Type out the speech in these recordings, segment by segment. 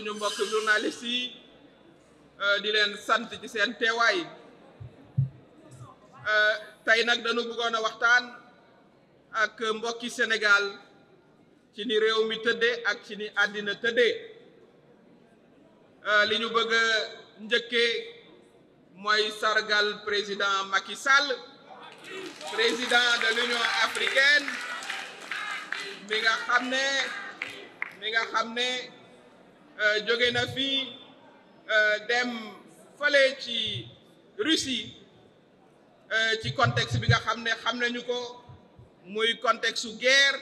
suñu mbokk journaliste yi euh, di leen sant ci seen teewaay euh, tey nag dañu bëggoon a waxtaan ak mbokki Sénégal ci ni réew mi tëddee ak ci ni àddina tëddee euh, li ñu bëgg a njëkkee mooy sargal président Macky Sall président de l'Union africaine mi nga xam ne mi nga xam ne Euh, jóge na fii euh, dem fale ci Russie euh, ci contexte bi nga xam ne xam nañu ko muy contexte su guerre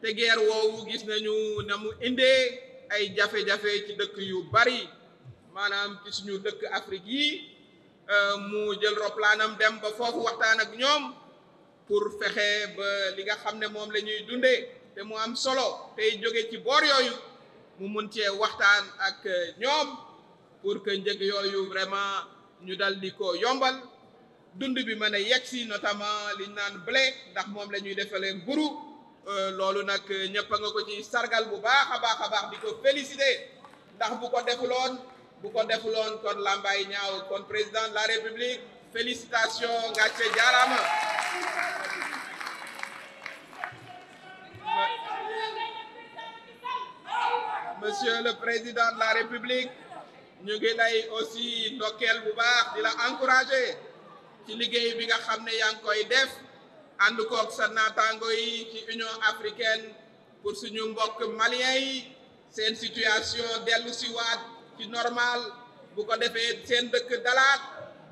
te guerre woowu gis nañu na mu indee ay jafe-jafe ci dëkk yu bari maanaam ci suñu dëkk Afrique yi mu jël roplaanam dem ba foofu waxtaan ak ñoom pour fexe ba li nga xam ne moom la ñuy dundee te mu am solo tey jóge ci boor yooyu mu mun cee waxtaan ak euh, ñoom pour que njëg yooyu vraiment ñu dal di ko yombal dund bi mën a yegg si notamment liñ naan blé ndax moom la ñuy defalee mburu euh, loolu nag euh, ñëpp a nga ko ci sargal bu baax a baax a baax di ko félicité ndax bu ko defuloon bu ko defuloon kon làmbaay ñaaw kon président de la république félicitation ngàcce jaaraama monsieur le président de la république ñu ngi lay aussi ndokel bu baax di la encouragé ci liggéey bi nga xam ne yaa ngi koy def ànd koog sa naataango yi ci union africaine pour suñu mbokk malien yi seen situation dellu si waat ci normal bu ko defee seen dëkk dalaat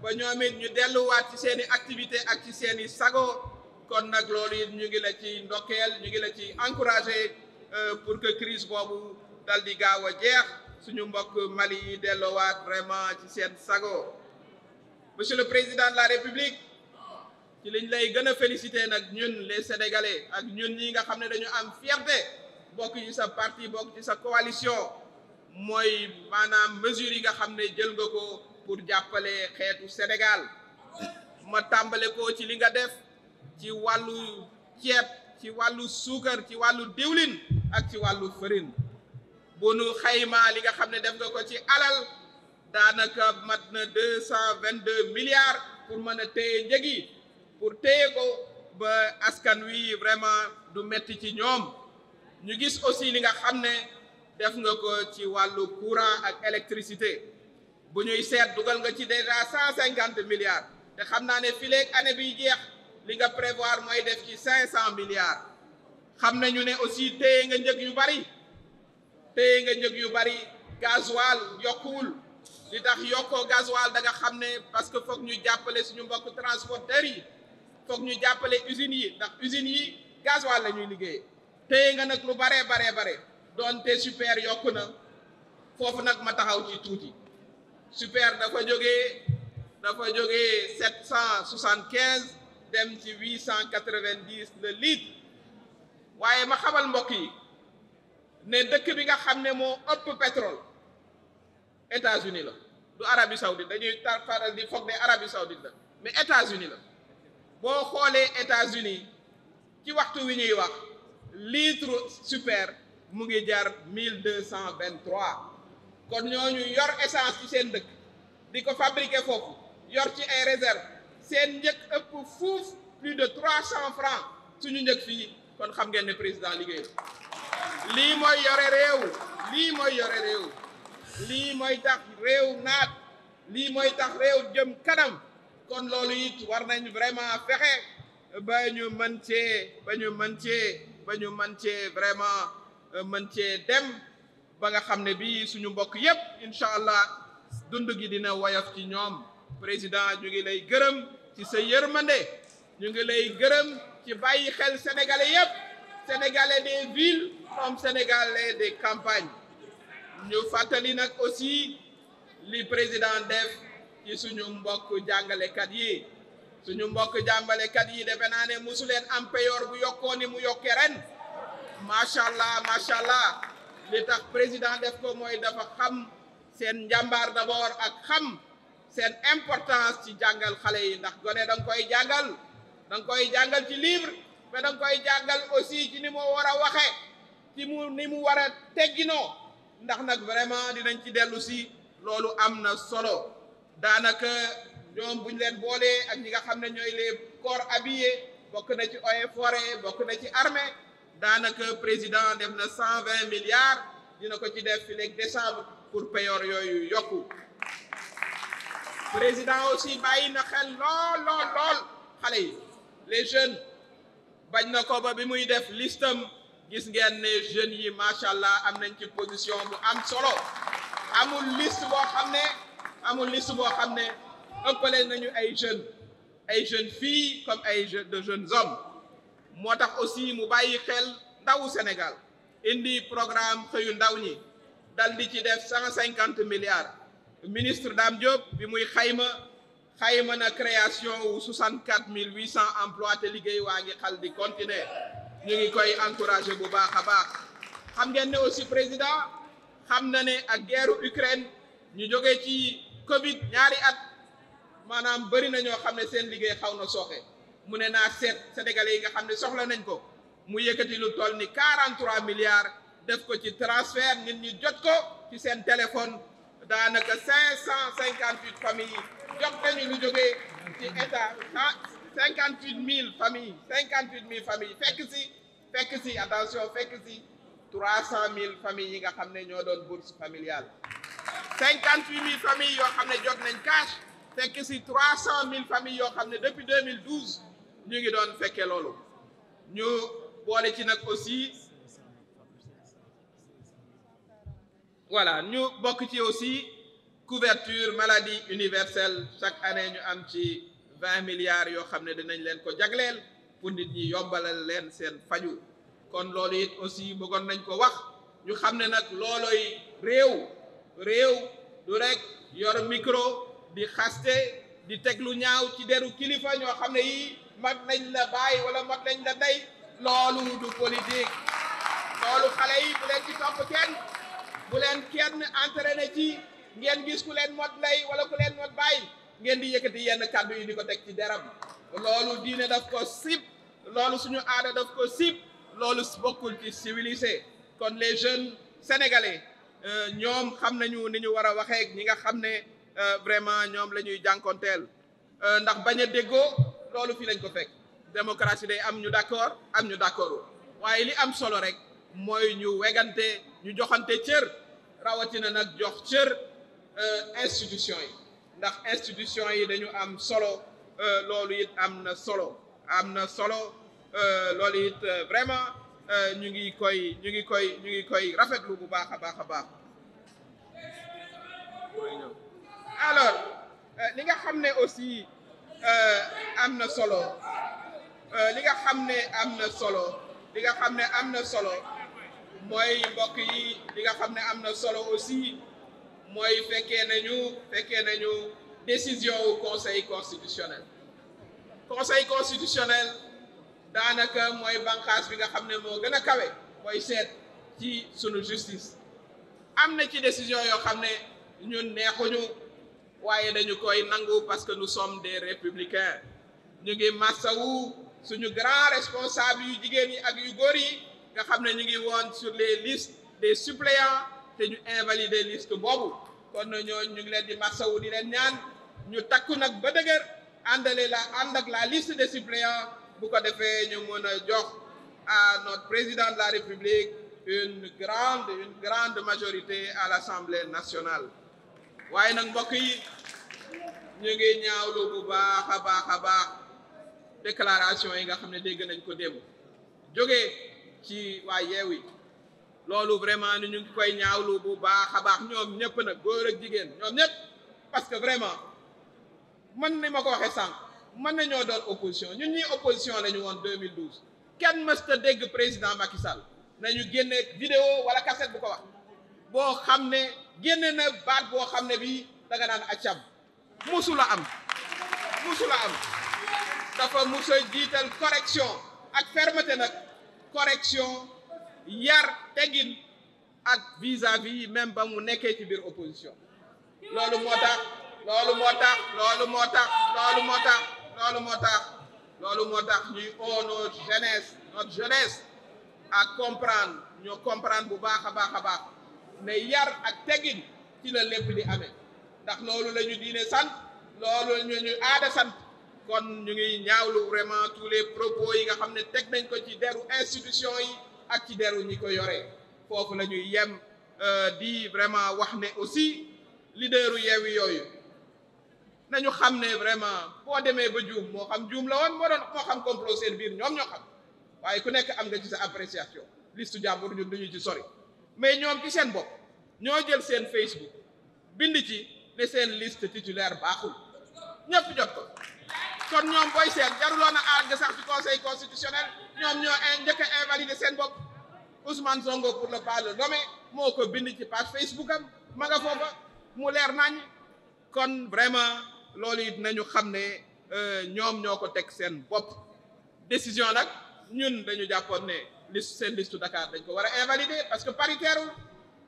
ba ñoom it ñu delluwaat ci seen i activité ak ci seen i sago kon nag loolu it ñu ngi la ci ndokkeel ñu ngi la ci encouragé euh, pour que crise boobu dal di gaaw a jeex suñu mbokk Mali yi delloowaat vraiment ci seen sago monsieur le président de la république ci liñ lay gën a féliciter nag ñun les sénégalais ak ñun ñi nga xam ne dañu am fierté bokk ci sa parti bokk ci sa coalition mooy maanaam mesures yi nga xam ne jël nga ko pour jàppale xeetu Sénégal ma tàmbale ko ci li nga def ci wàllu ceeb ci wàllu suukar ci wàllu diwlin ak ci wàllu farine bu nu xaymaa li nga xam ne def nga ko ci alal daanaka mat na deux cent vingt deux milliards pour mën a téye njëg yi pour téye ko ba askan wi vraiment du metti ci ñoom ñu gis aussi li nga xam ne def nga ko ci wàllu courant ak électricité bu ñuy seet dugal nga ci déjà cent cinquante milliards te xam naa ne fileeg année bi jeex li nga prévoir mooy def ci cinq cent milliards xam na ñu ne aussi téye nga njëg yu bari téye nga njëg yu bari gasoil yokkuwul li tax yokkoo gasoil da nga xam ne parce que foog ñu jàppale suñu mbokk transporteurs yi foog ñu jàppale usines yi ndax usines yi gasoil la ñuy liggéeyee nga nag lu baree baree bare doonte super yokku na foofu nag ma taxaw ci tuuti super dafa jógee dafa jóge sept cent soixante quinze dem ci huit cent quatre vingt dix le litre waaye ma xamal mbokk yi ne dëkk bi nga xam ne moo ëpp petrole États-Unis la du Arabie Saoudite dañuy faral di foog ne Arabie Saoudite la mais États-Unis la boo xoolee États-Unis ci waxtu wi ñuy wax litre super mu ngi jar mille deux cent vingt trois kon ñooñu yor essence ci seen dëkk di ko fabriquer foofu yor ci ay réserve seen njëkk ëpp fuuf plus de trois cent francs suñu njëkk fii kon xam ngeen ne président liggéey lii mooy yore réew lii mooy yore réew lii mooy tax réew naat lii mooy tax réew jëm kanam kon loolu it war nañ vraiment fexe ba ñu mën cee ba ñu mën cee ba ñu cee vraiment euh, mën cee dem ba nga xam ne bi suñu mbokk yépp incha allah dund gi dina woyof ci ñoom président ñu ngi lay gërëm ci sa yërmande ñu ngi lay gërëm ci bàyyi xel sénégalais yépp sénégalais des villes hommes sénégalais de campagne ñu fàttali nag aussi li président def ci suñu mbokk jàngalekat yi suñu mbokk jàngalekat yi defe naa ne mosu leen am bu yokkoo ni mu yokkee ren macha allah macha allah li tax président def ko mooy dafa xam seen njàmbaar d'abord ak xam seen importance ci jàngal xale yi ndax gone da koy jàngal da koy jàngal ci livre mais da koy jàngal aussi ci ni moo war a waxee ci mu ni mu war a tegginoo ndax nag vraiment dinañ ci dellu si loolu am na solo daanaka ñoom buñ leen boolee ak ñi nga xam ne ñooy les corps habillés bokk na ci Eaux et bokk na ci armée daanaka président def na cent vingt milliards dina ko ci def fi léegi décembre pour payor yooyu yokku président aussi bàyyi na xel lool lool lool xale yi les jeunes bañ na ko ba bi muy def listam gis ngeen ne jeunes yi macha allah am nañ ci position bu am solo amul liste boo xam ne amul liste boo xam ne ëppale nañu ay jeunes ay jeunes fi comme ay jeunes de jeunes hommes moo tax aussi mu bàyyi xel ndawu Sénégal indi programme xëyu ndaw ñi dal di ci def cent cinquante milliards ministre Dame Diop bi muy xayma xayma na création wu soixante mille huit cent emplois te liggéey waa ngi xal di continuer ñu ngi koy encouragé bu baax a baax xam ngeen ne aussi président xam na ne ak guerre Ukraine ñu jóge ci Covid ñaari at maanaam bëri na ñoo xam ne seen liggéey xaw na sooxe mu ne naa seet sénégalais yi nga xam ne soxla nañ ko mu yëkkati lu toll ni 43 milliards def ko ci transfert nit ñi jot ko ci seen téléphone daanaka 558 familles yi jot nañu lu jógee ci état ah, cinquante huit mille familles cinquante huit mille familles fekk si fekk si attention fekk si trois cent mille familles yi nga xam ne ñoo doon bourse familiale cinquante huit mille yoo xam ne jot nañ cash fekk si trois cent mille familles yoo xam ne depuis deux mille douze ñu ngi doon fekkee loolu ñu boole ci nag aussi voilà ñu bokk ci aussi couverture maladie universelle chaque année ñu am ci vingt milliards yoo xam ne dinañ leen ko jagleel pour nit ñi yombalal leen seen faju kon loolu it aussi bëggoon nañ ko wax ñu xam ne nag loolooy réew réew du rek yor micro di xaste di teg lu ñaaw ci deru kilifa ñoo xam ne yi mat nañ la bàyyi wala mag nañ la day loolu du politique loolu xale yi bu leen ci topp kenn bu leen kenn entraîné ci ngeen gis ku leen mot lay wala ku leen mot bàyyi ngeen di yëkkati yenn kàddu yi di ko teg ci deram loolu diine daf ko sib loolu suñu aada daf ko sib loolu bokkul ci civilisé kon les jeunes sénégalais euh, ñoom xam nañu ni ñu war a waxee ñi nga xam ne euh, vraiment ñoom la ñuy jànkonteel euh, ndax bañ a déggoo loolu fii lañ ko fekk démocratie day am ñu d'accord am ñu d'accord waaye li am solo rek mooy ñu wegante ñu joxante cër rawatina nag jox cër institution yi ndax institution yi dañu am solo euh, loolu it am na solo am na solo euh, loolu it euh, vraiment ñu ngi koy ñu ngi koy ñu ngi koy rafetlu bu baax a baax a baax alors ni nga xam ne aussi am na solo li nga xam ne am na solo li nga xam ne am na solo mooy mbokk yi li nga xam ne am na solo aussi mooy fekkee nañu fekkee nañu décision wu conseil constitutionnel conseil constitutionnel daanaka mooy bànqaas bi nga xam ne moo gën a kawe mooy seet ci sunu justice am na ci décision yoo xam ne ñu neexuñu waaye dañu koy nangu parce que nous sommes des républicain ñu ngi wu suñu grand responsable yu jigéen yi ak yu góor yi nga xam ne ñu ngi woon sur les listes des suppléants te ñu invalider liste boobu kon ñooñu ñu ngi leen di masawu di leen ñaan ñu takku nag ba dëgër àndale la ànd ak la liste des suppléants bu ko defee ñu mën a jox à notre président de la République une grande une grande majorité à l'Assemblée nationale waaye nag mbokk yi ñu ngi ñaawlu bu baax a baax a baax déclaration yi nga xam ne dégg nañ ko démb jógee ci waa yi loolu vraiment ni ñu ngi koy ñaawlu bu baax a baax ñoom ñëpp nag góor ak jigéen ñoom ñëpp parce que vraiment mën ni ma ko waxee sànq mën ñoo doon opposition ñun ñii opposition la ñu woon 2012 kenn mësta dégg président Macky na ñu génne vidéo wala cassette bu ko wax boo xam ne génne na baat boo xam ne bii da nga naan accam musu la am musu la am dafa musa jiital correction ak fermeté nag correction yar teggin ak vis-à-vis yi même ba mu nekkee ci biir opposition loolu moo tax loolu moo tax loolu moo tax loolu moo tax loolu moo tax loolu moo tax ñuy oo notre jeunesse notre jeunesse à comprendre ñoo comprendre bu baax a baax a baax ne yar ak teggin ci la lépp di ame ndax loolu la ñu diine sant loolu la ñu aada sant kon ñu ngi ñaawlu vraiment tous les propos yi nga xam ne teg nañ ko ci deru institution yi ak ci deru ñi ko yore foofu la ñuy yem euh, di vraiment wax ne aussi leaderu Yewwi yooyu nañu xam ne vraiment boo demee ba juum moo xam juum la woon moo doon moo xam complot seen biir ñoom ñoo xam waaye ku nekk am nga ci sa appréciation listu jàmbur ñu duñu ci sori mais ñoom ci seen bopp ñoo jël seen Facebook bind ci ne seen liste titulaire baaxul ñëpp jot ko kon ñoom booy seet jaruloon a aar nga sax ci conseil constitutionnel ñoom ñoo njëkk a invalider seen bopp Ousmane Sonko pour ne pas le moo ko bind ci page Facebook am ma nga foofa mu leer nañ kon vraiment loolu it nañu xam ne euh, ñoom ñoo ko teg seen bopp décision nag ñun dañu jàppoon ne liste seen liste Dakar dañ ko war a invalider parce que paritaire wul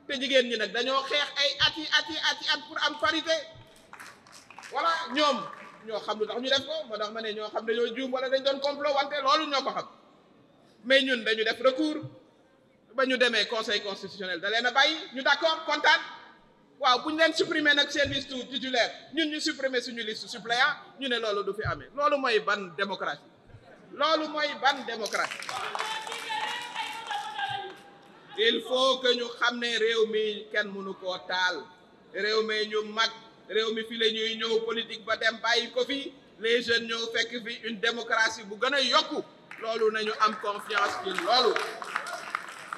te jigéen ñi nag dañoo xeex ay at yi at yi at yi at pour am parité voilà ñoom ñoo xam lu tax ñu def ko moo tax ma ne ñoo xam dañoo juum wala dañ doon complot wante loolu ñoo ko mais ñun dañu def recours ba ñu demee conseil constitutionnel da leen a bàyyi ñu d'accord kontaan waaw bu ñu leen supprimer nag seen liste titulaire ñun ñu supprimer suñu liste suppléant ñu ne loolu du fi amee loolu mooy ban démocratie loolu mooy ban démocratie il faut que ñu xam ne réew mi kenn mënu ko taal réew mi ñu mag réew mi fi la ñuy ñëw politique ba dem bàyyi ko fi les jeunes ñëw fekk fi une démocratie bu gën a yokku loolu nañu am confiance ci loolu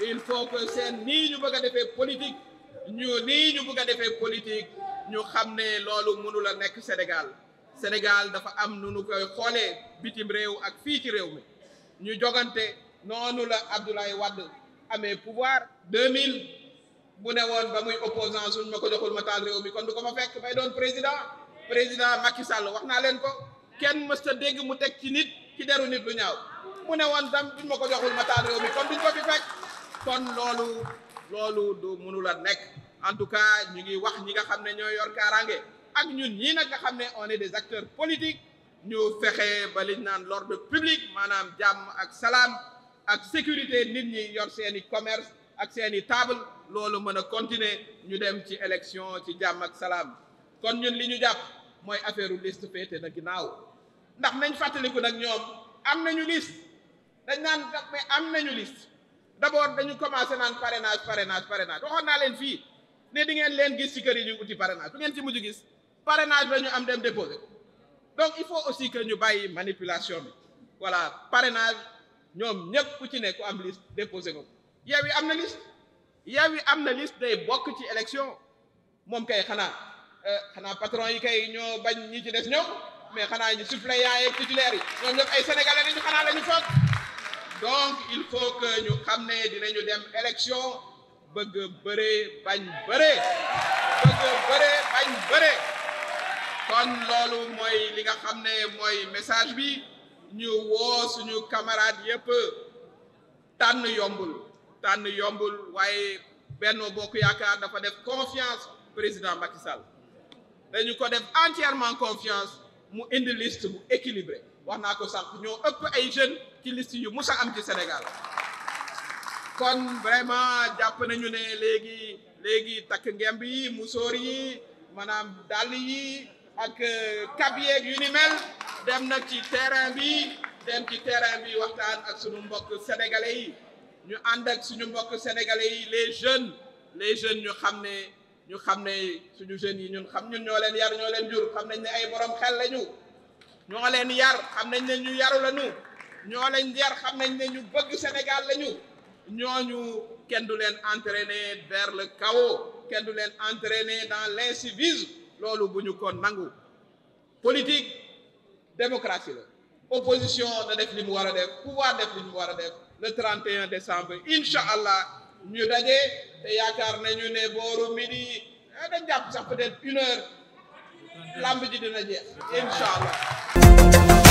il faut que seen nii ñu bëgg a defee politique ñu nii ñu bëgg a defee politique ñu xam ne loolu mënul a nekk Sénégal Sénégal dafa am nu nu koy xoolee bitim réew ak fii ci réew mi ñu jogante noonu la Abdoulaye Wade amee pouvoir 2000 bu ne woon ba muy opposant suñ ma ko joxul ma taal réew mi kon du ko ma fekk bay doon président président makki Sall wax naa leen ko kenn mësta dégg mu teg ci nit ci deru nit lu ñaaw bu ne woon dam duñ ma ko joxul ma réew mi kon duñ ko fi fekk kon loolu loolu du mënul a nekk en tout cas ñu ngi wax ñi nga xam ne ñoo yor kaaraange ak ñun ñii nag nga xam ne on est des acteurs politiques ñu fexe ba liñ naan l'ordre public maanaam jàmm ak salaam ak sécurité nit ñi yor seeni commerce ak seeni table loolu mën a continuer ñu dem ci élection ci jàmm ak salaam kon ñun li ñu jàpp mooy affaire liste féete na ginnaaw ndax nañ fàttaliku nag ñoom dañ naan mais am nañu liste d' abord dañu commencé naan parrainage parrainage parrainage waxoon naa leen fii ne di ngeen leen gis ci kër yi ñu uti parrainage du ngeen ci mujj gis parrainage la ñu am dem déposé ko donc il faut aussi que ñu bàyyi manipulation bi voilà parrainage ñoom ñëpp ku ci nekk ku am liste déposé ko yow yi am na liste yow yi am na liste day bokk ci élection moom kay xanaa euh, xanaa patron yi kay ñoo bañ ñi ci des ñëw mais xanaa ñu suppléants yeeg titulaires yi ñoom ñëpp ay sénégalais lañu xanaa la ñu foog donc il faut que ñu xam ne dinañu dem élection bëgg bëree bañ bëree bëgg bëree bañ bëree kon loolu mooy li nga xam ne mooy message bi ñu woo suñu camarade yëpp tànn yombul tànn yombul waaye Benno Bokk Yaakaar dafa def confiance président Macky Sall dañu ko def entièrement confiance mu indi liste équilibré wax naa ko sànq ñoo ëpp ay jeunes ci liste yu mus a am ci Sénégal kon vraiment jàpp nañu ne léegi léegi takk ngemb yi musóor yi maanaam dàll yi ak euh, kab yeeg yu ni mel dem na ci terrain bi dem ci terrain bi waxtaan ak suñu mbokk sénégalais yi ñu ànd ak suñu mbokk sénégalais yi les jeunes les jeunes ñu xam ne ñu xam ne suñu jeunes yi ñun xam ñun ñoo leen yar ñoo leen jur xam nañ ne ay borom xel lañu ñoo leen yar xam ne ñu yaru lañu ñoo lañ leer xam nañ ne ñu bëgg Sénégal lañu ñoo ñu kenn du leen entraîner vers le chaos kenn du leen entraîner dans l'incivisme loolu bu ñu ko nangu politique démocratie la opposition na def li mu war a def pouvoir def li mu war a def le 31 décembre incha allah ñu daje te yaakaar nañu ne booru midi eh, dañ jàpp sax peut-être une ji dina jeex incha allah